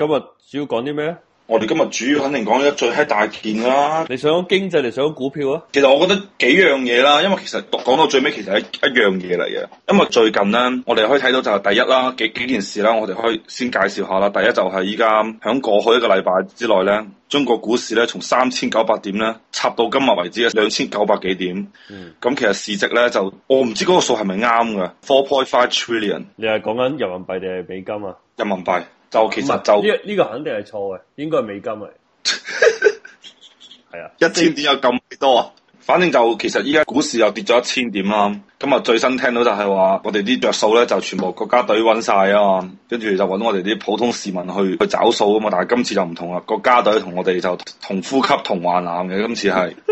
今日主要講啲咩咧？我哋今日主要肯定講一最閪大件啦、啊。你想經濟定想股票啊？其實我覺得幾樣嘢啦，因為其實講到最尾，其實係一,一樣嘢嚟嘅。因為最近咧，我哋可以睇到就係第一啦，幾幾件事啦，我哋可以先介紹下啦。第一就係依家響過去一個禮拜之內咧，中國股市咧從三千九百點咧插到今日為止嘅兩千九百幾點。咁、嗯、其實市值咧就我唔知嗰個數係咪啱嘅。Four point five trillion。你係講緊人民幣定係美金啊？人民幣。就其實就呢呢，這個肯定係錯嘅，應該係美金嚟。係 啊， 一千點有咁多啊？反正就其實依家股市又跌咗一千點啦。咁啊，最新聽到就係話，我哋啲着數咧就全部國家隊揾晒啊嘛。跟住就揾我哋啲普通市民去去找數啊嘛。但係今次就唔同啦，國家隊同我哋就同呼吸同患難嘅，今次係。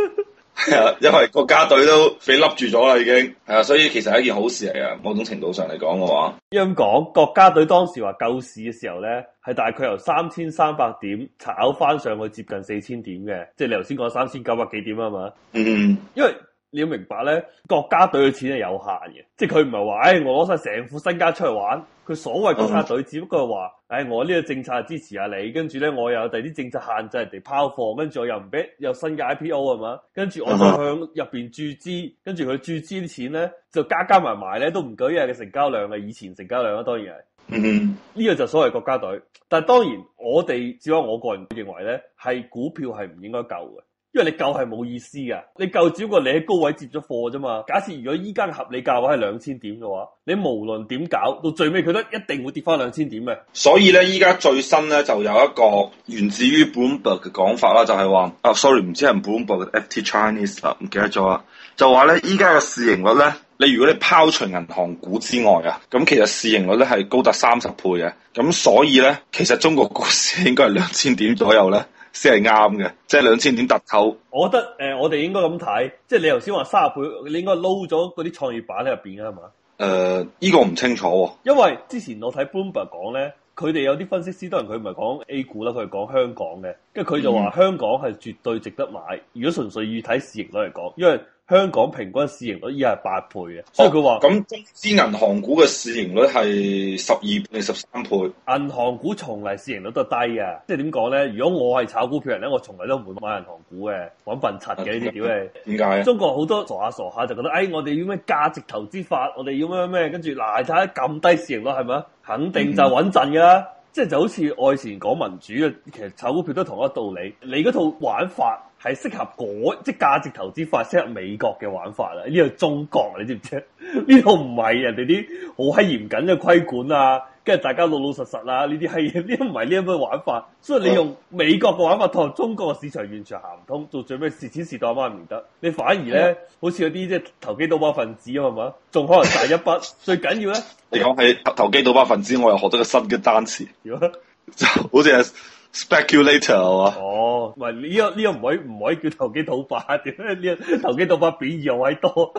因為國家隊都被笠住咗啦，已經係啊，所以其實係一件好事嚟㗎，某種程度上嚟講嘅話。一樣講，國家隊當時話救市嘅時候呢，係大概由三千三百點炒翻上去接近四千點嘅，即係你頭先講三千九百幾點啊嘛。嗯， 因為。你要明白咧，國家隊嘅錢係有限嘅，即係佢唔係話，誒、哎，我攞晒成副身家出去玩。佢所謂國家隊只不過係話，誒、哎，我呢個政策支持下你，跟住咧，我有第啲政策限制人哋拋貨，跟住我又唔俾有新嘅 I P O 係嘛，跟住我就向入邊注資，跟住佢注資啲錢咧就加加埋埋咧都唔夠一日嘅成交量嘅，以前成交量啦，當然係。呢、呢個就所謂國家隊。但係當然，我哋只不過我個人認為咧，係股票係唔應該夠嘅。因為你救係冇意思嘅，你救只不過你喺高位接咗貨啫嘛。假設如果依家合理價位係兩千點嘅話，你無論點搞，到最尾佢都一定會跌翻兩千點嘅。所以咧，依家最新咧就有一個源自於 Bloomberg 嘅講法啦，就係、是、話，啊、oh,，sorry，唔知係唔係 Bloomberg 嘅 FT Chinese 啦，唔記得咗啦，就話咧，依家嘅市盈率咧，你如果你拋除銀行股之外啊，咁其實市盈率咧係高達三十倍嘅。咁所以咧，其實中國股市應該係兩千點左右咧。 先係啱嘅，即係兩千點突破。我覺得誒、呃，我哋應該咁睇，即係你頭先話三十倍，你應該撈咗嗰啲創業板喺入邊嘅係嘛？誒，呢、呃這個唔清楚、哦。因為之前我睇 Bloomberg 講咧，佢哋有啲分析師，當然佢唔係講 A 股啦，佢係講香港嘅，跟住佢就話香港係絕對值得買。嗯、如果純粹以睇市盈率嚟講，因為。香港平均市盈率已係八倍嘅，哦、所以佢話咁中資銀行股嘅市盈率係十二倍、十三倍。銀行股從嚟市盈率都係低嘅，即係點講咧？如果我係炒股票人咧，我從嚟都唔會買銀行股嘅，搵笨柒嘅呢啲屌嘅。點解的？中國好多傻下傻下就覺得，哎，我哋要咩價值投資法，我哋要咩咩，跟住嗱，睇下咁低市盈率係咪啊？肯定就穩陣噶啦，即係、嗯、就，就好似以前講民主嘅，其實炒股票都同一道理。你嗰套玩法。係適合嗰、那個、即價值投資法，適合美國嘅玩法啦。呢個中國，你知唔知？呢度唔係人哋啲好閪嚴謹嘅規管啊，跟住大家老老實實啦。呢啲係呢唔係呢咁嘅玩法。所以你用美國嘅玩法，同中國嘅市場完全行唔通。做最屘蝕錢蝕到，阿媽唔得，你反而咧， 好似有啲即投機倒把分子啊，係嘛，仲可能大一筆。 最緊要咧，你講起投機倒把分子，我又學咗個新嘅單詞，好似係。 speculator 啊，Spe ator, 哦，唔係呢個呢、這個唔可以唔可以叫投機倒把？點呢？呢個投機倒把貶義位多，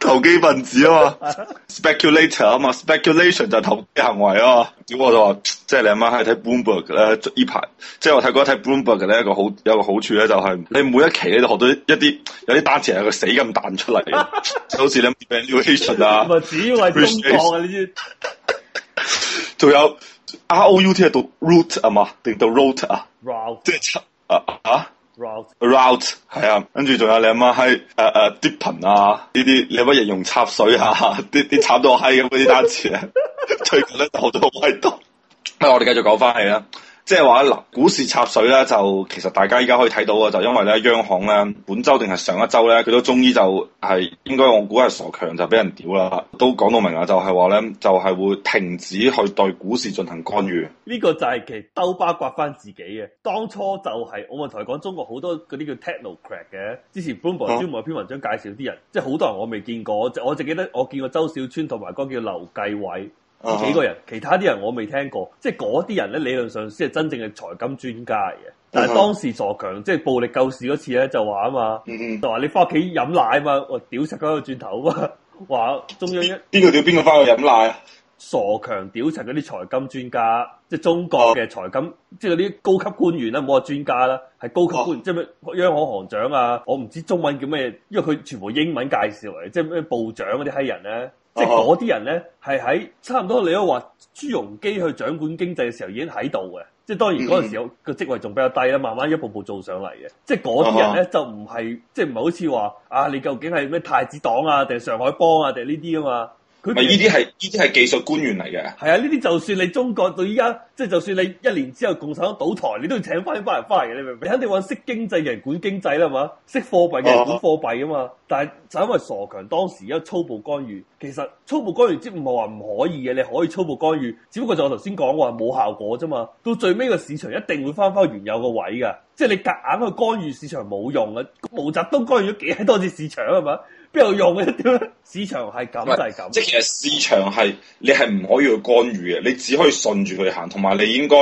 投機分子啊嘛 ？speculator 啊嘛？speculation 就投機行為啊？嘛。咁我就話，即係你阿媽係睇 Bloomberg 咧，呢排即係我睇嗰睇 Bloomberg 咧，一個好有個好處咧，就係你每一期咧都學到一啲有啲單詞係個死咁彈出嚟，就好似你 valuation 啊，唔係係中國仲、啊、 有。R O U T 係讀，root 啊嘛，定讀 root 啊，即係啊啊，route route 係啊，跟住仲有你乜係誒誒，dippen 啊呢啲，你有乜形容插水啊？啲啲插到閪咁嗰啲單詞啊， 最近咧就好多威度。不如、 嗯、我哋繼續講翻係啊。即係話嗱，股市插水咧，就其實大家依家可以睇到嘅，就因為咧央行咧，本周定係上一周咧，佢都終於就係應該我估係傻強就俾人屌啦，都講到明啦，就係話咧，就係、是、會停止去對股市進行干預。呢個就係其兜巴刮翻自己嘅，當初就係、是、我咪同你講，中國好多嗰啲叫 technocrat 嘅，之前 Bloomberg、啊、專門有篇文章介紹啲人，即係好多人我未見過，我我淨記得我見過周小川同埋嗰叫劉繼偉。幾個人，其他啲人我未聽過，即係嗰啲人咧，理論上先係真正嘅財金專家嚟嘅。但係當時傻強，即係暴力救市嗰次咧，就話啊嘛，嗯嗯就話你翻屋企飲奶啊嘛，我屌柒佢轉頭啊，話中央一，邊個屌邊個翻去飲奶啊？傻強屌柒嗰啲財金專家，即係中國嘅財金，啊、即係啲高級官員啦，冇話專家啦，係高級官員，啊、即係咩央行行長啊，我唔知中文叫咩，因為佢全部英文介紹嚟、啊，即係咩部長嗰啲閪人咧、啊。即係嗰啲人咧，係喺差唔多你都話朱鎔基去掌管經濟嘅時候已經喺度嘅，即係當然嗰陣時候個職位仲比較低啦，嗯、慢慢一步步做上嚟嘅。即係嗰啲人咧就唔係，即係唔係好似話啊，你究竟係咩太子黨啊，定上海幫啊，定呢啲啊嘛？呢啲係，呢啲係技術官員嚟嘅。係啊，呢啲就算你中國到依家，即係就算你一年之後共產黨倒台，你都要請翻啲翻嚟翻嚟嘅，你明唔明？你肯定話識經濟嘅人管經濟啦嘛，識貨幣嘅人管貨幣啊嘛。但係就因為傻強當時一個粗暴干預，其實粗暴干預即唔係話唔可以嘅，你可以粗暴干預，只不過就我頭先講話冇效果啫嘛。到最尾個市場一定會翻翻原有個位噶，即係你夾硬去干預市場冇用啊。毛澤東干預咗幾多次市場啊嘛？邊有用嘅？點市場係咁就係咁。即係其實市場係你係唔可以去干預嘅，你只可以順住佢行，同埋你應該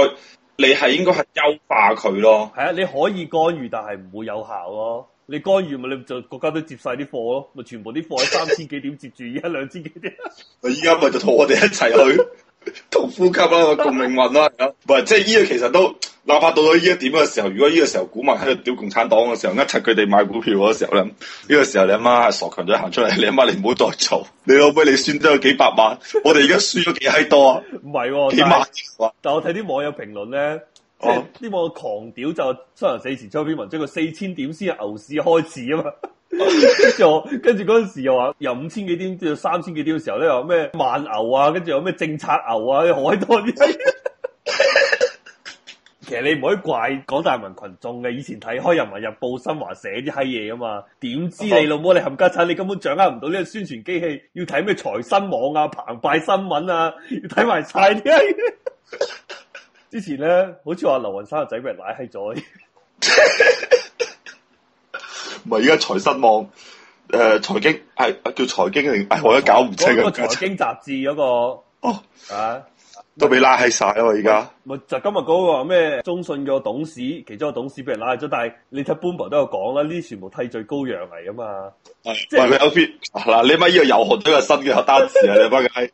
你係應該係優化佢咯。係啊，你可以干預，但係唔會有效咯。你干預咪你就國家都接晒啲貨咯，咪全部啲貨喺三千幾點接住，而家兩千幾點。 我依家咪就同我哋一齊去同呼吸啦，共命運啦。唔係，即係呢個其實都。哪怕到咗呢一點嘅時候，如果呢個時候股民喺度屌共產黨嘅時候，一齊佢哋買股票嗰個時候咧，呢、這個時候你阿媽係傻強咗行出嚟，你阿媽你唔好再嘈。你老妹你算咗有幾百萬，我哋而家輸咗幾閪多啊？唔係幾萬，但係、啊、我睇啲網友評論咧，即係呢個狂屌就三十四時出篇文，即係四千點先牛市開始啊嘛，跟住跟住嗰陣時又話由五千幾點至到三千幾點嘅時候咧，又話咩萬牛啊，跟住又咩政策牛啊，好多啲。 其實你唔可以怪廣大人民群眾嘅，以前睇開《人民日報》、《新華社》啲閪嘢，啊嘛，點知你，、啊、你老母你冚家鏟，你根本掌握唔到呢個宣傳機器，要睇咩財新網啊、澎湃新聞啊，要睇埋晒啲。之前咧，好似話劉雲山個仔俾人拉閪咗。唔係而家財新網誒財經、呃、係、哎、叫財經定、哎、我都搞唔清啊。嗰個財經雜誌嗰個哦啊。都俾拉黑晒咯，而家咪就今日嗰個咩中信嘅董事，其中一個董事俾人拉咗，但係你睇 Bloomberg 都有講啦，呢啲全部替罪羔羊嚟噶嘛，係喂即係佢 O 嗱，你咪呢個又學咗個新嘅單詞啊，你班鬼，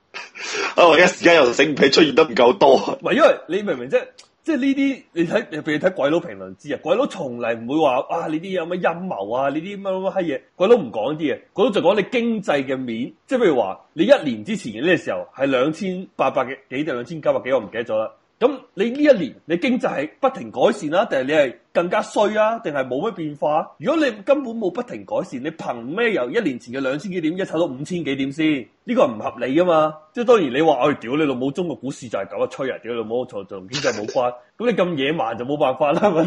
我一時間又醒唔起，出現得唔夠多，咪因為你明明即 即係呢啲，你睇，譬如睇鬼佬評論知啊，鬼佬從嚟唔會話，啊，呢啲有乜陰謀啊，呢啲乜乜乜閪嘢，鬼佬唔講啲嘢，鬼佬就講你經濟嘅面，即係譬如話，你一年之前嘅呢個時候係兩千八百幾定兩千九百幾，我唔記得咗啦。咁你呢一年你經濟係不停改善啦，定係你係更加衰啊？定係冇乜變化？如果你根本冇不停改善，你憑咩由一年前嘅兩千幾點一炒到五千幾點先？呢個唔合理㗎嘛！即係當然你話，我、哎、屌你老母，中國股市就係咁啊，吹啊，屌你老母，同同經濟冇關。咁 你咁野蠻就冇辦法啦嘛！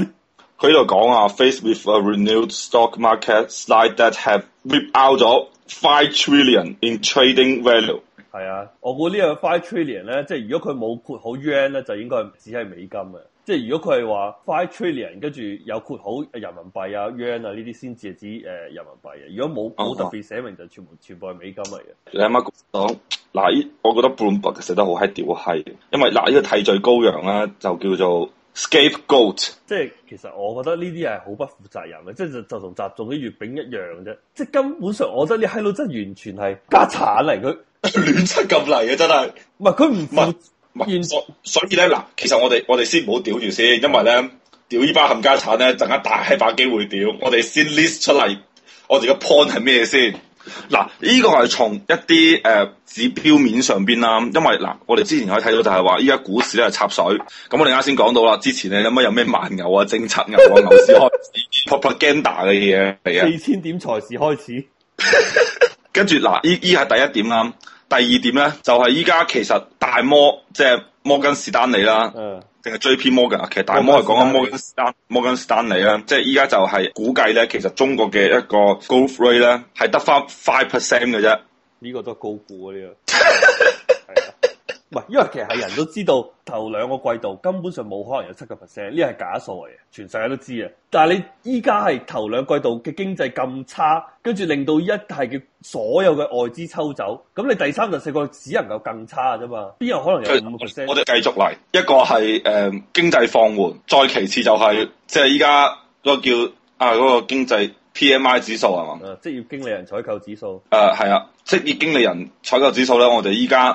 佢喺度講啊 Faced with a renewed stock market slide that have ripped out 咗 five trillion in trading value。係啊，我估呢個 five trillion 咧，即係如果佢冇括好 yen 咧，就應該只係美金啊。即係如果佢係話 five trillion，跟住有括好人民幣啊、yen 啊呢啲，先至係指誒、呃、人民幣啊。如果冇冇、哦、特別寫明，就是，全部全部係美金嚟嘅。你阿媽講嗱，我覺得 Bloomberg 寫得好閪屌閪，因為嗱呢、啊這個替罪羔羊咧就叫做 scapegoat。即係其實我覺得呢啲係好不負責任嘅，即係就就同集中啲月餅一樣啫。即係根本上我，我覺得呢閪佬真係完全係家產嚟，佢。亂七咁嚟嘅真係，唔係佢唔唔完所，所以咧嗱，其實我哋我哋先唔好屌住先，因為咧屌呢班冚家鏟咧，陣間大把機會屌。我哋先 list 出嚟，我哋嘅 point 係咩先？嗱，呢、這個係從一啲誒、呃、指標面上邊啦。因為嗱，我哋之前可以睇到就係話，依家股市咧係插水。咁我哋啱先講到啦，之前咧有咩有咩慢牛啊、政策牛啊、牛市 開始 propaganda 嘅嘢係啊，四千點才是開始。 跟住嗱，依依係第一點啦。第二點咧，就係依家其實大摩即係、就是、摩根士丹利啦，定係 JP Morgan 啊。其實大摩係講緊摩根士丹利摩根士丹利啦。即係依家就係、是、估計咧，其實中國嘅一個 growth rate 咧，係得返 five percent 嘅啫。呢個都係高估啊！呢、這個。 唔因為其實係人都知道，頭兩個季度根本上冇可能有七個 percent，呢係假數嚟嘅，全世界都知啊。但係你依家係頭兩季度嘅經濟咁差，跟住令到一係叫所有嘅外資抽走，咁你第三十四個只能夠更差啫嘛。邊有可能有五個 percent？我哋繼續嚟，一個係誒、呃、經濟放緩，再其次就係即係依家嗰個叫啊嗰、嗰個經濟 P M I 指數係嘛？誒，職業經理人採購指數。誒，係啊，職業經理人採購指數咧，我哋依家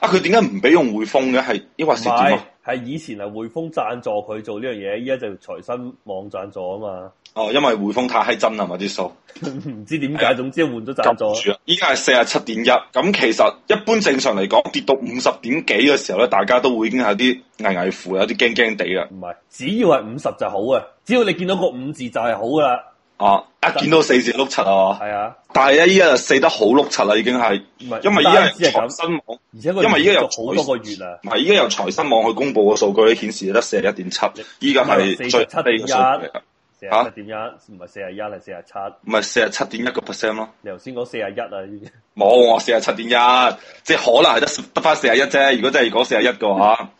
啊，佢點解唔俾用匯豐嘅？係抑或係、啊、以前係匯豐贊助佢做呢樣嘢，依家就財新網贊助啊嘛。哦，因為匯豐太閪真啦，嘛啲數。唔 知點解，啊、總之換咗贊助。依家係四十七點一，咁其實一般正常嚟講，跌到五十點幾嘅時候咧，大家都會已經有啲危危乎，有啲驚驚地啦。唔係，只要係五十就好啊！只要你見到個五字就係好啦。啊！一見到四字碌柒啊！係啊的，但係咧依家就四得好碌柒啦，已經係，因為依家財新網，而且因為依家有好多個月啊，唔係依家由財新網去公布個數據，顯示得四十一點七，依家係四七點一，四十一點一，唔係四十一定四十七？唔係四十七點一個 percent 咯？你頭先講四十一啊？已經，冇，我四十七點一，即係可能係得得翻四十一啫。如果真係講四十一嘅話。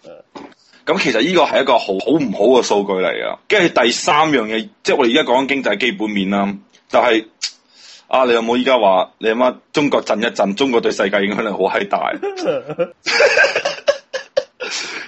咁其實呢個係一個好好唔好嘅數據嚟啊！跟住第三樣嘢，即係我哋而家講緊經濟基本面啦，就係、是、啊，你有冇依家話你阿媽中國震一震，中國對世界影響力好閪大？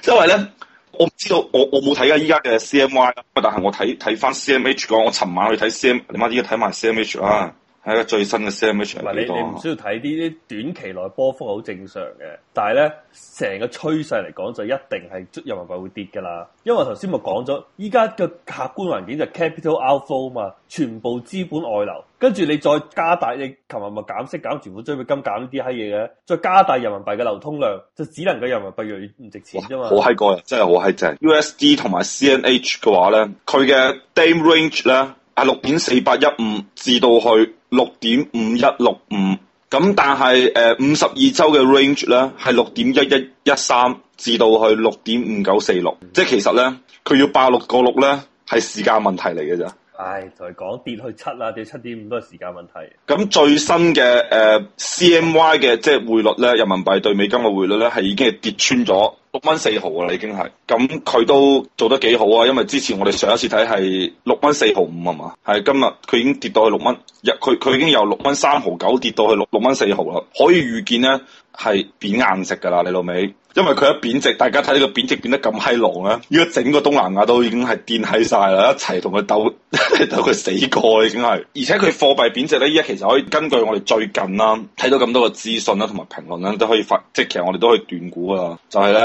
因為咧，我唔知道，我我冇睇啊！依家嘅 CMI 但係我睇睇翻 CMH 講，我尋晚去睇 CM，你媽依家睇埋 CMH 啦。喺個最新嘅 CNH 你你唔需要睇啲啲短期內波幅係好正常嘅，但係咧成個趨勢嚟講就一定係人民幣會跌㗎啦。因為頭先咪講咗，依家嘅客觀環境就 capital outflow 嘛，全部資本外流，跟住你再加大，你琴日咪減息減存款準備金減啲閪嘢嘅，再加大人民幣嘅流通量，就只能夠人民幣越唔值錢啫嘛。好閪過，真係好閪正。USD 同埋 CNH 嘅話咧，佢嘅 Dame Range 咧。係六點四八一五至到去六點五一六五，咁但係誒五十二周嘅 range 咧，係六點一一一三至到去六點五九四六，即係其實咧佢要爆六個六咧係時間問題嚟嘅咋？唉、哎，就係、是、講跌去七啦，跌七點五都係時間問題。咁、嗯、最新嘅誒、呃、CNY 嘅即係匯率咧，人民幣對美金嘅匯率咧係已經係跌穿咗。六蚊四毫啊，已經係咁佢都做得幾好啊！因為之前我哋上一次睇係六蚊四毫五啊嘛，係今日佢已經跌到去六蚊，入佢佢已經由六蚊三毫九跌到去六六蚊四毫啦，可以預見咧係貶硬食噶啦，你老味。因為佢一貶值，大家睇呢個貶值變得咁閪狼啦！依家整個東南亞都已經係癲閪晒啦，一齊同佢鬥，鬥佢死過已經係。而且佢貨幣貶值咧，依家其實可以根據我哋最近啦，睇到咁多個資訊啦，同埋評論啦，都可以發，即係其實我哋都可以斷估噶啦。就係咧，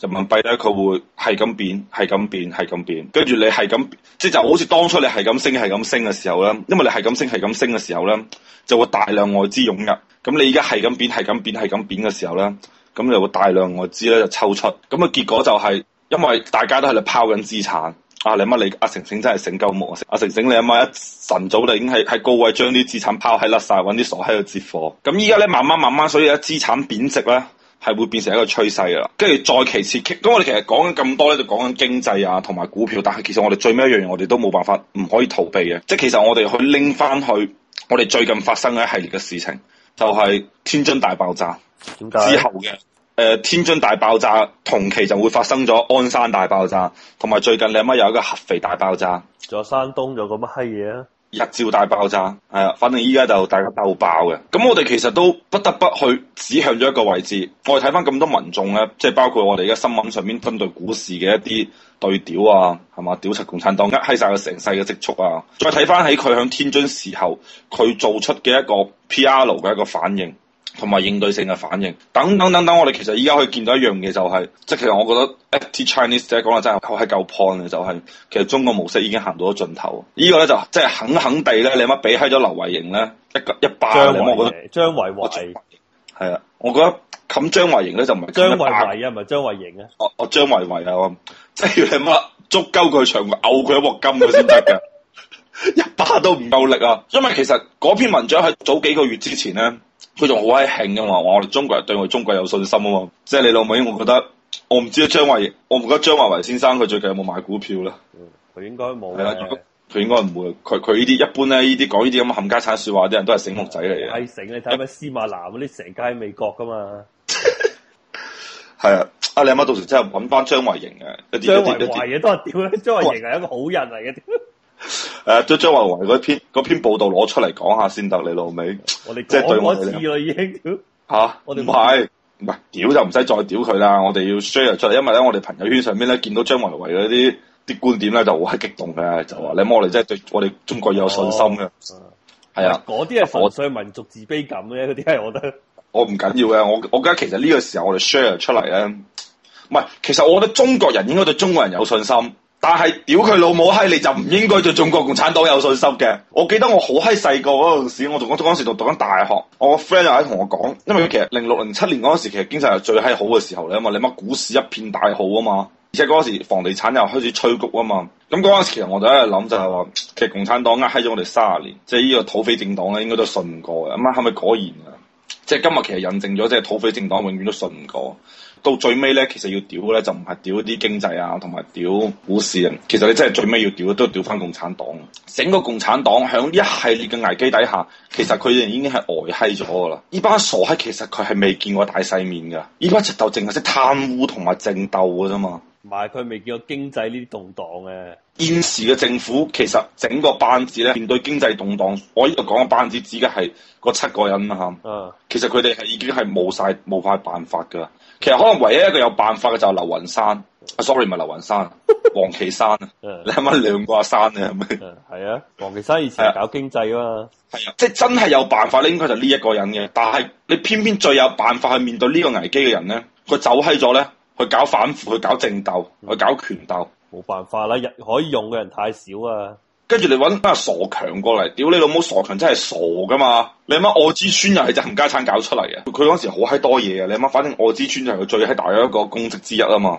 人民幣咧，佢會係咁變，係咁變，係咁變，跟住你係咁，即係就好似當初你係咁升，係咁升嘅時候咧，因為你係咁升，係咁升嘅時候咧，就會大量外資湧入。咁你依家係咁變，係咁變，係咁變嘅時候咧。咁又會大量外資咧就抽出，咁啊結果就係、是、因為大家都喺度拋緊資產，啊你乜你阿成成真係醒鳩冇？啊，阿成、啊、成你阿媽一晨早就已經係喺高位將啲資產拋喺甩晒，揾啲傻喺度接貨。咁依家咧慢慢慢慢，所以咧資產貶值咧係會變成一個趨勢噶啦。跟住再其次，咁我哋其實講緊咁多咧，就講緊經濟啊同埋股票，但係其實我哋最尾一樣嘢，我哋都冇辦法唔可以逃避嘅。即係其實我哋去拎翻去我哋最近發生嘅一系列嘅事情，就係、是、天津大爆炸。點解，之後嘅，誒、呃，天津大爆炸同期就會發生咗鞍山大爆炸，同埋最近你阿媽有一個合肥大爆炸，仲有山東有個乜閪嘢啊！日照大爆炸，係、呃、啊，反正依家就大家鬥爆嘅。咁我哋其實都不得不去指向咗一個位置。我哋睇翻咁多民眾咧，即係包括我哋而家新聞上面針對股市嘅一啲對屌啊，係嘛，屌柒共產黨，呃閪晒佢成世嘅積蓄啊！再睇翻喺佢響天津時候，佢做出嘅一個 P R 嘅一個反應。同埋應對性嘅反應，等等等等，我哋其實依家可以見到一樣嘢，就係、是，即係其實我覺得 FT Chinese 者講嘅真係好係夠 point 嘅，就係、是、其實中國模式已經行到咗盡頭。這個、呢個咧就即係狠狠地咧，你乜俾喺咗劉慧瑩咧一一巴，惠我覺得張偉華係啊，我覺得冚張偉瑩咧就唔係張偉維啊，唔係張偉瑩啊，哦哦張偉維啊，即係你乜足鳩佢長，嘔佢一鑊金佢先得嘅， 一巴都唔夠力啊！因為其實嗰篇文章喺早幾個月之前咧。佢仲好閪慶嘅嘛，話我哋中國人對我哋中國有信心啊嘛，即、就、係、是、你老味，我覺得我唔知張維，我唔覺得張維為先生佢最近有冇買股票咧？佢、嗯、應該冇。係啊，佢應該唔會，佢佢呢啲一般咧，呢啲講呢啲咁嘅冚家鏟說話啲人都係醒目仔嚟嘅。睇醒你睇下咩司馬南嗰啲成街美國噶嘛？係啊，阿你阿媽到時真係揾翻張維為嘅。張維為都係屌咧？張維為係一個好人嚟嘅。 誒，將張維為嗰篇嗰篇報道攞出嚟講下先得，你老味、啊，我哋即係對我哋吓，我哋唔係唔係屌就唔使再屌佢啦，我哋要 share 出嚟，因為咧我哋朋友圈上邊咧見到張維為嗰啲啲觀點咧就好激動嘅，就話的你摸我哋真係對我哋中國有信心嘅，係啊、哦，嗰啲係純粹民族自卑感嘅，嗰啲係我覺得我唔緊要嘅，我我覺得其實呢個時候我哋 share 出嚟咧，唔係，其實我覺得中國人應該對中國人有信心。但係屌佢老母閪，你就唔應該對中國共產黨有信心嘅。我記得我好閪細個嗰陣時，我同我當時讀讀緊大學，我個 friend 又喺同我講，因為其實零六零七年嗰陣時其實經濟係最閪好嘅時候咧嘛，你乜股市一片大好啊嘛，而且嗰陣時房地產又開始催谷啊嘛。咁嗰陣時其實我就喺度諗就係話，其實共產黨呃，閪咗我哋三十年，即係呢個土匪政黨咧應該都信唔過嘅。咁啊係咪果然啊？即係今日其實印證咗，即係土匪政黨永遠都信唔過。到最尾咧，其實要屌咧就唔係屌啲經濟啊，同埋屌股市啊。其實你真係最尾要屌都要屌翻共產黨。整個共產黨響一系列嘅危機底下，其實佢哋已經係呆閪咗噶啦。呢班傻閪其實佢係未見過大世面噶。呢班直頭淨係識貪污同埋政鬥噶啫嘛。同埋佢未見過經濟呢啲動蕩嘅。現時嘅政府其實整個班子咧，面對經濟動蕩，我呢度講嘅班子指嘅係嗰七個人啦吓。其實佢哋係已經係冇晒冇晒辦法噶。其實可能唯一一個有辦法嘅就係劉雲山。啊 ，sorry，唔係劉雲山，王岐山啊 你阿媽兩個阿山啊，係啊，王岐山以前係搞經濟啊嘛。係啊， 即係真係有辦法咧，應該就呢一個人嘅。但係你偏偏最有辦法去面對呢個危機嘅人咧，佢走喺咗咧。去搞反腐，去搞政鬥，嗯、去搞權鬥，冇辦法啦！日可以用嘅人太少啊。跟住你揾阿傻強過嚟，屌你老母！傻強真係傻噶嘛？你阿媽惡之村又係冚家鏟搞出嚟嘅，佢嗰時好閪多嘢啊。你阿媽反正惡之村就係佢最閪大嘅一個功績之一啊嘛。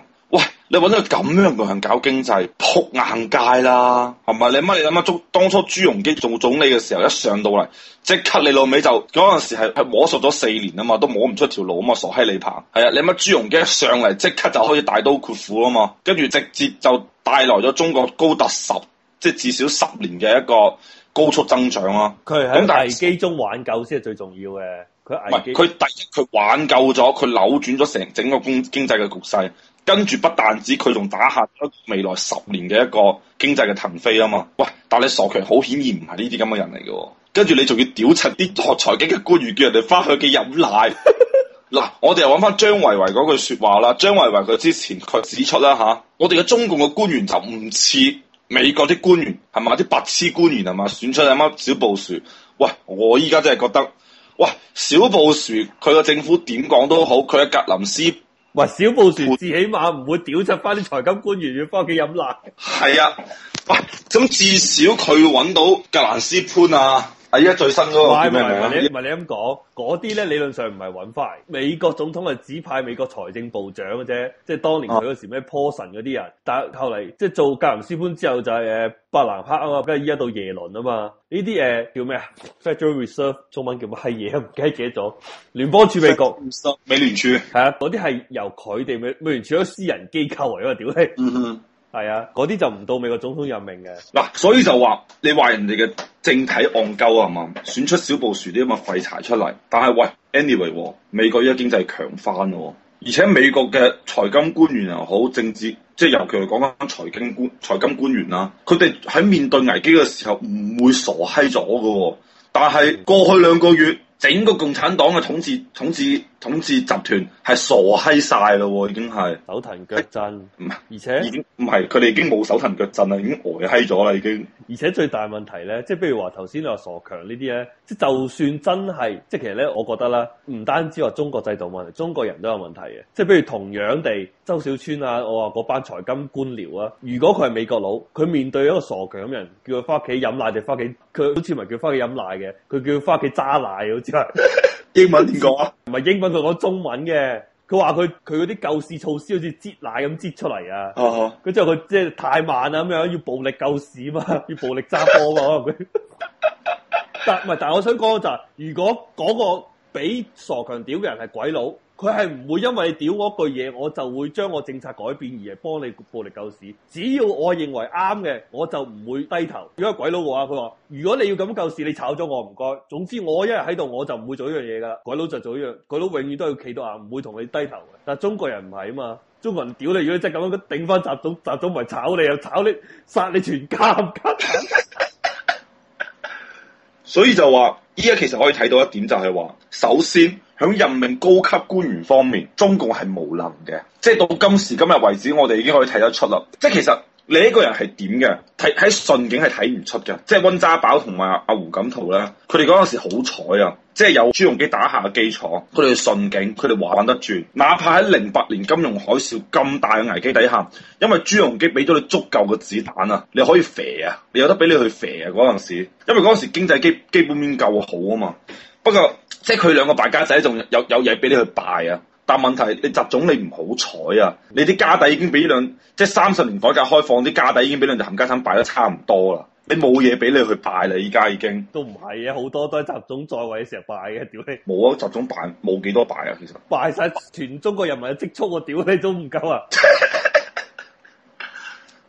你揾到咁樣個人搞經濟，撲硬街啦，係咪？你乜你諗下朱當初朱鎔基做總理嘅時候，一上到嚟，即刻你老味就嗰陣時係係摸索咗四年啊嘛，都摸唔出條路啊嘛，傻閪你彭係啊！你乜朱鎔基一上嚟，即刻就開始大刀闊斧啊嘛，跟住直接就帶來咗中國高達十，即係至少十年嘅一個高速增長啊。佢喺危機中挽救先係最重要嘅。唔係佢第一，佢挽救咗，佢扭轉咗成整個工經濟嘅局勢。跟住不但止，佢仲打下咗未來十年嘅一個經濟嘅騰飛啊嘛！喂，但你傻強好顯然唔係呢啲咁嘅人嚟嘅，跟住你仲要屌柒啲學財經嘅官員，叫人哋翻去嘅飲奶嗱！ 我哋又揾翻張維為嗰句説話啦，張維為佢之前佢指出啦吓，我哋嘅中共嘅官員就唔似美國啲官員，係嘛，啲白痴官員，係嘛，選出阿媽小布殊，喂！我依家真係覺得，喂，小布殊佢嘅政府點講都好，佢嘅格林斯。喂，小布殊至起碼唔會屌出翻啲財金官員要翻屋企飲辣。係啊，喂，咁至少佢揾到格蘭斯潘啊！係依家最新嗰個咩名？唔係你咁講，嗰啲咧理論上唔係揾返。美國總統係指派美國財政部長嘅啫，即係當年佢嗰時咩 Paulson 嗰啲人，但後嚟即係做格林斯潘之後就係誒伯南克啊嘛，跟住依家到耶倫啊嘛，呢啲誒叫咩啊？Federal Reserve 中文叫乜閪嘢？唔記得記咗，聯邦儲備局、美聯儲，係啊，嗰啲係由佢哋美美聯儲嗰私人機構嚟嘅嘛？屌你！嗯係啊，嗰啲就唔到美國總統任命嘅。嗱，所以就話你話人哋嘅政體戇鳩啊，係嘛？選出小布殊啲咁嘅廢柴出嚟。但係喂，anyway，哦，美國依家經濟強翻咯，而且美國嘅財金官員又好，政治即係尤其係講緊財經官、財金官員啦，佢哋喺面對危機嘅時候唔會傻閪咗噶。但係過去兩個月，整個共產黨嘅統治統治。統治統治集團係傻閪晒咯喎，已經係手騰腳震，唔係，而且已經唔係佢哋已經冇手騰腳震啦，已經呆閪咗啦，已經。而且最大問題咧，即係譬如話頭先你話傻強呢啲咧，即係就算真係，即係其實咧，我覺得啦，唔單止話中國制度問題，中國人都有問題嘅。即係譬如同樣地，周小川啊，我話嗰班財金官僚啊，如果佢係美國佬，佢面對一個傻強咁人，叫佢翻屋企飲奶定翻屋企，佢好似唔係叫翻屋企飲奶嘅，佢叫翻屋企揸奶，好似係。 英文點講啊？唔係，英文佢講中文嘅，佢話佢佢嗰啲救市措施好似擠奶咁擠出嚟啊！哦、uh，佢即係佢即係太慢啊！咁樣要暴力救市嘛，要暴力揸波啊嘛！佢， 但唔係，但係我想講就係，如果嗰個。俾傻強屌嘅人係鬼佬，佢係唔會因為你屌我句嘢，我就會將我政策改變，而係幫你暴力救市。只要我係認為啱嘅，我就唔會低頭。如果係鬼佬嘅話，佢話，如果你要咁救市，你炒咗我唔該。總之我一日喺度，我就唔會做呢樣嘢噶。鬼佬就做呢樣，鬼佬永遠都要企到硬，唔會同你低頭。但係中國人唔係啊嘛，中國人屌你，如果你真係咁樣，頂翻習總，習總唔係炒你又炒你，殺你全家。 所以就話依家其實可以睇到一點，就係話。首先喺任命高級官員方面，中共係無能嘅，即係到今時今日為止，我哋已經可以睇得出啦。即係其實你一個人係點嘅？睇喺順境係睇唔出嘅，即係溫家寶同埋阿胡錦濤咧，佢哋嗰陣時好彩啊！即係有朱鎔基打下嘅基礎，佢哋順境，佢哋玩得住。哪怕喺零八年金融海嘯咁大嘅危機底下，因為朱鎔基俾咗你足夠嘅子彈啊，你可以肥啊，你有得俾你去肥啊嗰陣時。因為嗰陣時經濟基基本面夠好啊嘛。不過，即係佢兩個敗家仔，仲有有嘢俾你去敗啊！但問題你習總你唔好彩啊！你啲家底已經俾兩即係三十年改革開放啲家底已經俾兩隻冚家鏟敗得差唔多啦！你冇嘢俾你去敗啦，依家已經都唔係啊！好多都係習總在位嘅時候敗嘅，屌你！冇啊！習總敗冇幾多敗啊，其實敗晒全中國人民嘅積蓄個，屌你都唔夠啊！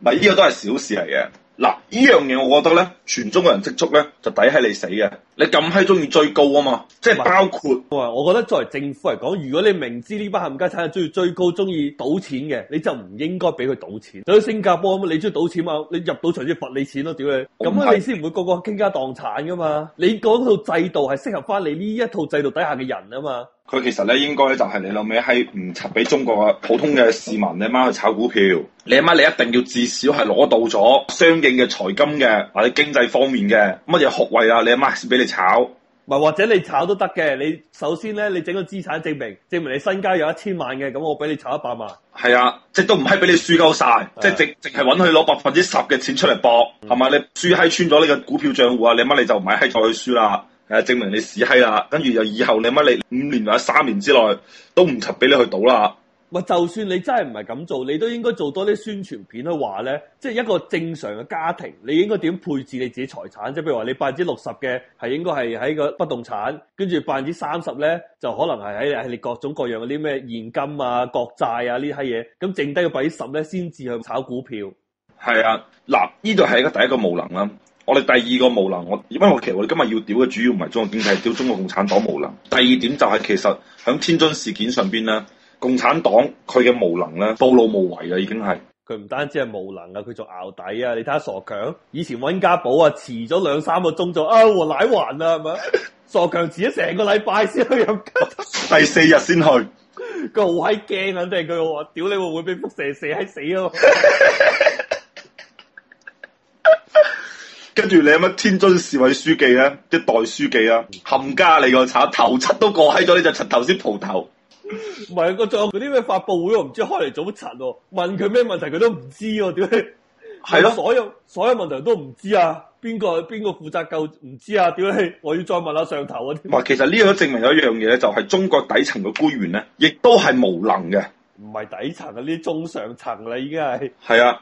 唔係呢個都係小事嚟嘅。嗱，呢樣嘢我覺得咧，全中國人積蓄咧就抵喺你死嘅，你咁閪中意追高啊嘛，是即係包括我覺得作為政府嚟講，如果你明知呢班冚家鏟係中意追高、中意賭錢嘅，你就唔應該俾佢賭錢。喺新加坡咁，你中意賭錢嘛？你入到場先罰你錢咯，屌你！咁啊，你先唔會個個傾家蕩產噶嘛？你講是套制度係適合翻你呢一套制度底下嘅人啊嘛？佢其實咧應該就係、是、你老味係唔拆俾中國嘅普通嘅市民你媽去炒股票。你阿媽你一定要至少係攞到咗相應嘅財金嘅或者經濟方面嘅乜嘢學位啊？你阿媽先俾你炒，係或者你炒都得嘅。你首先咧，你整個資產證明，證明你身家有一千萬嘅，咁我俾你炒一百萬。係啊，即係都唔係俾你輸夠晒，啊、即係直淨係搵佢攞百分之十嘅錢出嚟博，係咪、嗯？你輸閪穿咗呢個股票賬戶啊？你阿媽你就唔買閪再輸啦，誒、啊，證明你屎閪啦。跟住又以後你阿媽你五年或者三年之內都唔及俾你去賭啦。就算你真係唔係咁做，你都應該做多啲宣傳片去話呢。即係一個正常嘅家庭，你應該點配置你自己財產？即係譬如話，你百分之六十嘅係應該係喺個不動產，跟住百分之三十呢，就可能係喺你各種各樣嗰啲咩現金啊、國債啊呢啲嘢，咁剩低嘅百分之十呢，先至去炒股票。係啊，嗱，呢度係一個第一個無能啦。我哋第二個無能，我因為我其實我哋今日要屌嘅主要唔係中國經濟，屌中國共產黨無能。第二點就係其實喺天津事件上邊咧。共產黨佢嘅無能咧，暴露無遺啊！已經係佢唔單止係無能啊，佢仲咬底啊！你睇下傻強，以前溫家寶啊，遲咗兩三個鐘就啊，我奶還啊，係咪？ 傻強遲咗成個禮拜先去入， 第四日先去，佢好閪驚啊！定係佢話，屌你，會唔會俾輻射死閪死啊？ 跟住你乜天津市委書記咧，即係代書記啊，冚家你個鏟，頭七都過喺咗，呢隻柒頭先蒲頭。唔係，個仲有啲咩發佈會我唔知開嚟做乜柒喎？問佢咩問題佢都唔知喎？點解？係咯的，所有所有問題都唔知啊？邊個邊個負責救唔知啊？點解？我要再問下上頭啊？唔係，其實呢個證明有一樣嘢咧，就係、是、中國底層嘅官員咧，亦都係無能嘅。唔係底層啊，啲中上層啦，已經係。係啊，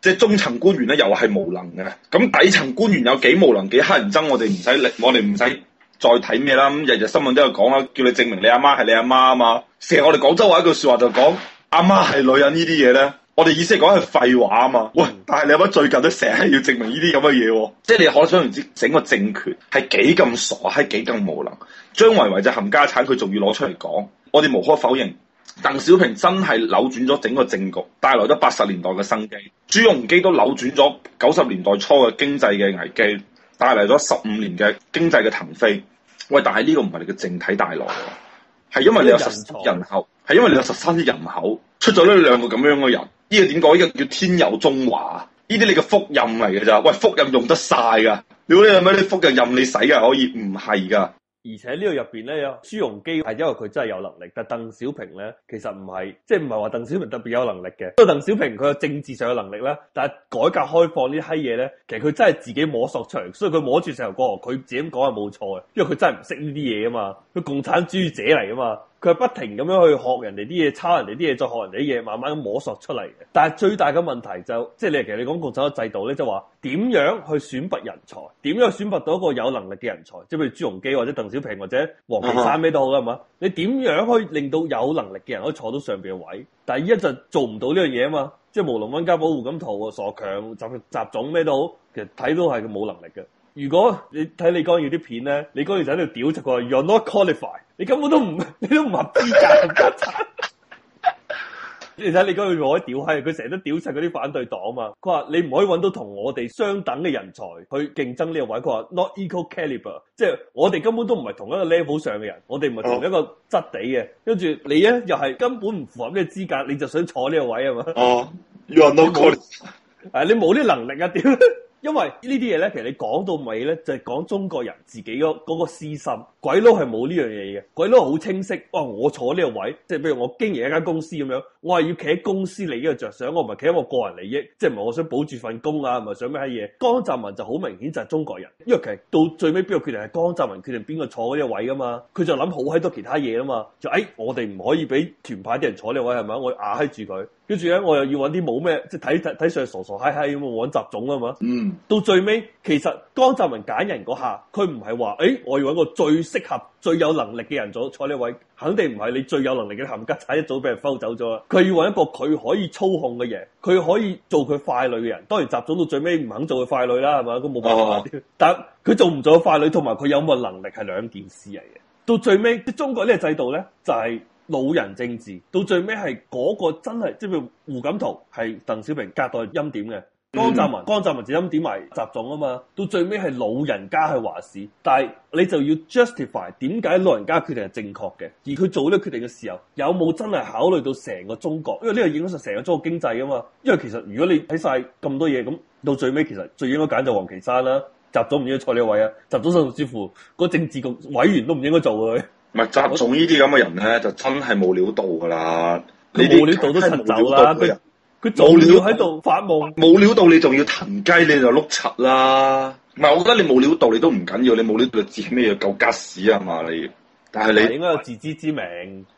即係中層官員咧，又係無能嘅。咁底層官員有幾無能，幾乞人憎，我哋唔使力，我哋唔使。 再睇咩啦？咁日日新聞都有講啦，叫你證明你阿媽係你阿媽啊嘛！成日我哋廣州話一句説話就講阿媽係女人呢啲嘢咧，我哋意思係講係廢話啊嘛！喂，但係你有冇最近都成日要證明呢啲咁嘅嘢？即係你可想而知整個政權係幾咁傻閪，係幾咁無能。張維為就冚家產，佢仲要攞出嚟講。我哋無可否認，鄧小平真係扭轉咗整個政局，帶來咗八十年代嘅生機。朱鎔基都扭轉咗九十年代初嘅經濟嘅危機。帶嚟咗十五年嘅經濟嘅騰飛，喂！但係呢個唔係你嘅政體帶來嘅，係因為你有十人口，係因為你有十三億人口出咗呢兩個咁樣嘅人，呢、這個點講？呢、這個叫天佑中華，呢啲你嘅福任嚟嘅咋？喂，福任用得晒㗎，如果你有咩啲福任任你使㗎，可以唔係㗎？而且面呢度入邊咧有朱鎔基，係因為佢真係有能力。但鄧小平咧，其實唔係，即係唔係話鄧小平特別有能力嘅。因為鄧小平佢有政治上嘅能力咧，但係改革開放呢啲嘢咧，其實佢真係自己摸索出嚟，所以佢摸住石頭哥，佢自己講係冇錯嘅，因為佢真係唔識呢啲嘢啊嘛，佢共產主義者嚟㗎嘛。佢不停咁樣去學人哋啲嘢，抄人哋啲嘢，再學人哋啲嘢，慢慢咁摸索出嚟嘅。但係最大嘅問題就是、即係你其實你講共產黨嘅制度咧，就話點樣去選拔人才，點樣選拔到一個有能力嘅人才，即係譬如朱鎔基或者鄧小平或者王岐山咩都好啦，係嘛、嗯哼？你點樣可以令到有能力嘅人可以坐到上面邊位？但係依家就做唔到呢樣嘢啊嘛！即係無論温家寶、胡錦濤啊，傻強習、習總咩都好，其實睇到係佢冇能力嘅。如果你睇李光耀啲片咧，李光耀就喺度屌柒佢話，You're not qualified，你根本都唔，你都唔合資格。 你睇李光耀可唔可以屌閪？佢成日都屌柒嗰啲反對黨嘛。佢話你唔可以揾到同我哋相等嘅人才去競爭呢個位。佢話 not equal caliber，即係我哋根本都唔係同一個 level 上嘅人，我哋唔係同一個質地嘅。跟住、oh. 你咧又係根本唔符合咩資格，你就想坐呢個位啊嘛？哦、oh.，You're not qualified，你冇啲能力啊？屌。 因為呢啲嘢咧，其實你講到尾咧，就係、是、講中國人自己嗰嗰個私心，鬼佬係冇呢樣嘢嘅，鬼佬好清晰。哇，我坐呢個位，即係譬如我經營一間公司咁樣，我係要企喺公司利益嘅着想，我唔係企喺我個人利益，即係唔係我想保住份工啊，唔係想咩嘢。江澤民就好明顯就係中國人，因為其實到最尾邊個決定係江澤民決定邊個坐呢個位噶嘛，佢就諗好喺多其他嘢啊嘛，就誒、哎、我哋唔可以俾團派啲人坐呢個位係咪？我壓喺住佢。跟住咧，我又要揾啲冇咩，即係睇睇睇上傻傻閪閪咁，我揾習總啊嘛。嗯、到最尾，其實江澤民揀人嗰下，佢唔係話，誒，我要揾個最適合、最有能力嘅人做坐呢位，肯定唔係你最有能力嘅冚家鏟，一早俾人摟走咗啦。佢要揾一個佢可以操控嘅嘢，佢可以做佢傀儡嘅人。當然，習總到最尾唔肯做佢傀儡啦，係嘛？佢冇辦法，哦哦，但佢做唔做傀儡，同埋佢有冇能力係兩件事嚟嘅。到最尾，中國呢個制度咧，就係、係就。係老人政治到最尾係嗰個真係，即係胡錦濤係鄧小平隔代欽點嘅，江澤民、嗯、江澤民就欽點埋習總啊嘛。到最尾係老人家係話事，但係你就要 justify 點解老人家決定係正確嘅，而佢做呢個決定嘅時候有冇真係考慮到成個中國？因為呢個影響到成個中國經濟啊嘛。因為其實如果你睇晒咁多嘢，咁到最尾其實最應該揀就王岐山啦，習總唔應該坐呢個位啊，習總甚至乎個政治局委員都唔應該做佢。 唔係集眾呢啲咁嘅人咧，就真係冇料到噶啦！你冇料到都趁走啦，佢做料喺度發夢，冇料到你仲要騰雞，你就碌柒啦！唔係，我覺得你冇料到你都唔緊要，你冇料到你知咩嘢？夠吉屎係嘛你？但係你應該有自知之明。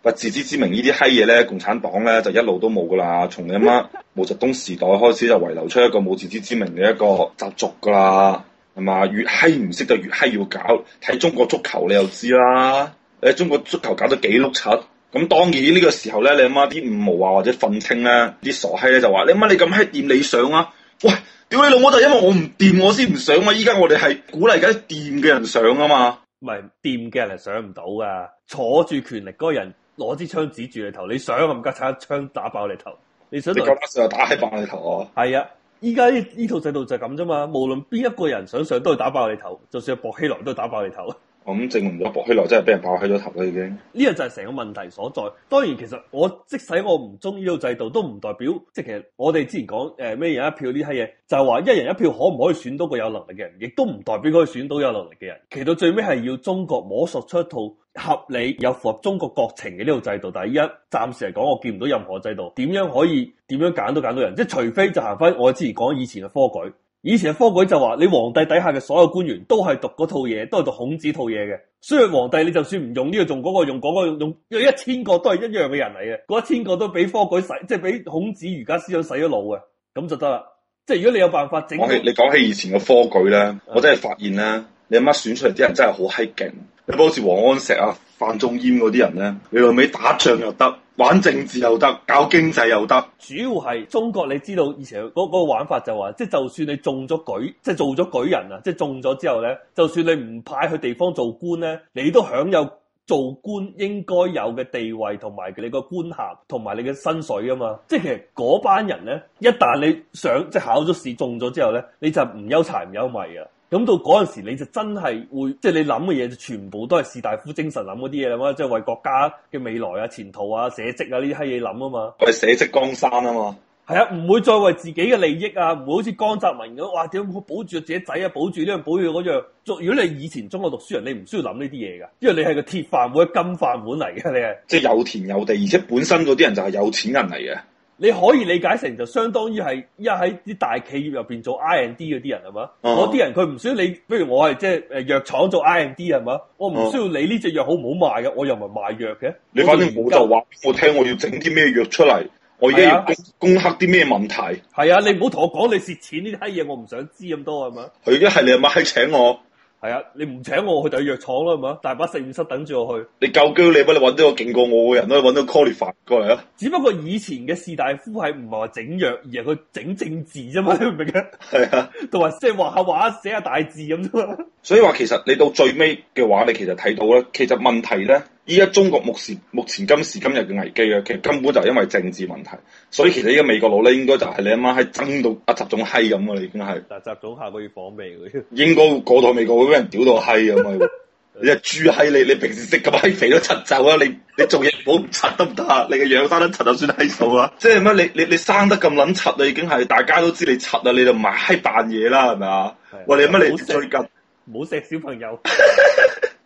唔係自知之明呢啲閪嘢咧，共產黨咧就一路都冇噶啦。從你阿媽毛澤東時代開始，就遺留出一個冇自知之明嘅一個習俗噶啦，係嘛？越閪唔識就越閪要搞，睇中國足球你就知啦。誒中國足球搞得幾碌柒？咁當然呢個時候咧，你阿媽啲五毛啊或者憤青咧，啲傻閪咧就話：你阿媽你咁閪掂，你上啊？喂，屌你老母就因為我唔掂我先唔上啊。」依家我哋係鼓勵緊掂嘅人上啊嘛。唔係掂嘅人係上唔到噶。坐住權力嗰個人攞支槍指住你頭，你想咁加拆槍打爆你頭？你想你，你夠膽試下打閪爆你頭啊？係 啊！依家呢套制度就係咁啫嘛。無論邊一個人想上都係打爆你頭，就算薄熙來都係打爆你頭。咁證明咗薄熙來，真係俾人爆低咗頭啦！已經呢個就係成個問題所在。當然，其實我即使我唔鍾意呢套制度，都唔代表即係其實我哋之前講誒咩一人一票呢啲嘢，就係話一人一票可唔可以選到個有能力嘅人，亦都唔代表可以選到有能力嘅人。其到最尾係要中國摸索出一套合理有符合中國國情嘅呢套制度。但係依家暫時嚟講，我見唔到任何制度點樣可以點樣揀都揀到人，即係除非就行翻我之前講以前嘅科舉。以前嘅科舉就話，你皇帝底下嘅所有官員都係讀嗰套嘢，都係讀孔子套嘢嘅。所以皇帝你就算唔用呢個，用嗰個，用嗰個，用用一千個都係一樣嘅人嚟嘅。嗰一千個都俾科舉洗，即係俾孔子儒家思想洗咗腦嘅，咁就得啦。即係如果你有辦法整，你講起以前嘅科舉咧，我真係發現咧，你阿媽選出嚟啲人真係好閪勁。你不如好似王安石啊、范仲淹嗰啲人咧，你後尾打仗又得。玩政治又得，搞經濟又得。主要係中國，你知道以前嗰嗰個玩法就話，即係就算你中咗舉，即係做咗舉人啊，即係中咗之後咧，就算你唔派去地方做官咧，你都享有做官應該有嘅地位同埋你個官銜同埋你嘅薪水啊嘛。即係其實嗰班人咧，一旦你想，即係考咗試中咗之後咧，你就唔憂柴唔憂米啊！咁到嗰陣時，你就真係會，即係你諗嘅嘢就全部都係士大夫精神諗嗰啲嘢啦，即係為國家嘅未來啊、前途啊、社稷啊呢啲閪嘢諗啊嘛，為社稷江山啊嘛，係啊，唔會再為自己嘅利益啊，唔會好似江澤民咁，哇點保住自己仔啊，保住呢樣保住嗰樣。如果你以前中國讀書人，你唔需要諗呢啲嘢噶，因為你係個鐵飯碗金飯碗嚟嘅，你係即係有田有地，而且本身嗰啲人就係有錢人嚟嘅。你可以理解成就相當於係一喺啲大企業入邊做 R&D 嗰啲人係嘛？嗰啲，uh huh。人佢唔需要理，不如我係即係誒藥廠做 R&D 係係嘛？我唔需要理呢隻藥好唔好賣嘅，我又唔係賣藥嘅。你反正冇就話我聽，我要整啲咩藥出嚟，我而家要攻、啊、攻克啲咩問題。係啊，你唔好同我講你蝕錢呢啲嘢，我唔想知咁多係嘛？佢一係你阿媽係請我？係啊，你唔請我，我去第藥廠啦，係嘛？大把實驗室等住我去。你夠薑，你不如搵到個勁過我嘅人咯，搵到 Colin 過嚟啊！只不過以前嘅士大夫係唔係話整藥，而係佢整政治啫嘛，你明唔明啊？係啊的，同埋即係畫下畫、寫下大字咁啫嘛。所以話其實你到最尾嘅話，你其實睇到咧，其實問題咧。依家中國目前目前今時今日嘅危機啊，其實根本就係因為政治問題，所以其實依家美國佬咧，應該就係你阿媽喺憎到阿習總閪咁啊，已經係。阿習總下個月訪美，應該會過到美國會俾人屌到閪咁啊！你隻豬閪，你你平時食咁閪肥都柒走啦，你你做嘢好唔柒得唔得？你嘅樣生得柒就算閪數啊！即係乜？你你你生得咁撚柒啊，已經係大家都知你柒啦，你就唔係閪扮嘢啦，係咪啊？喂的，你乜的你好最近唔好錫小朋友？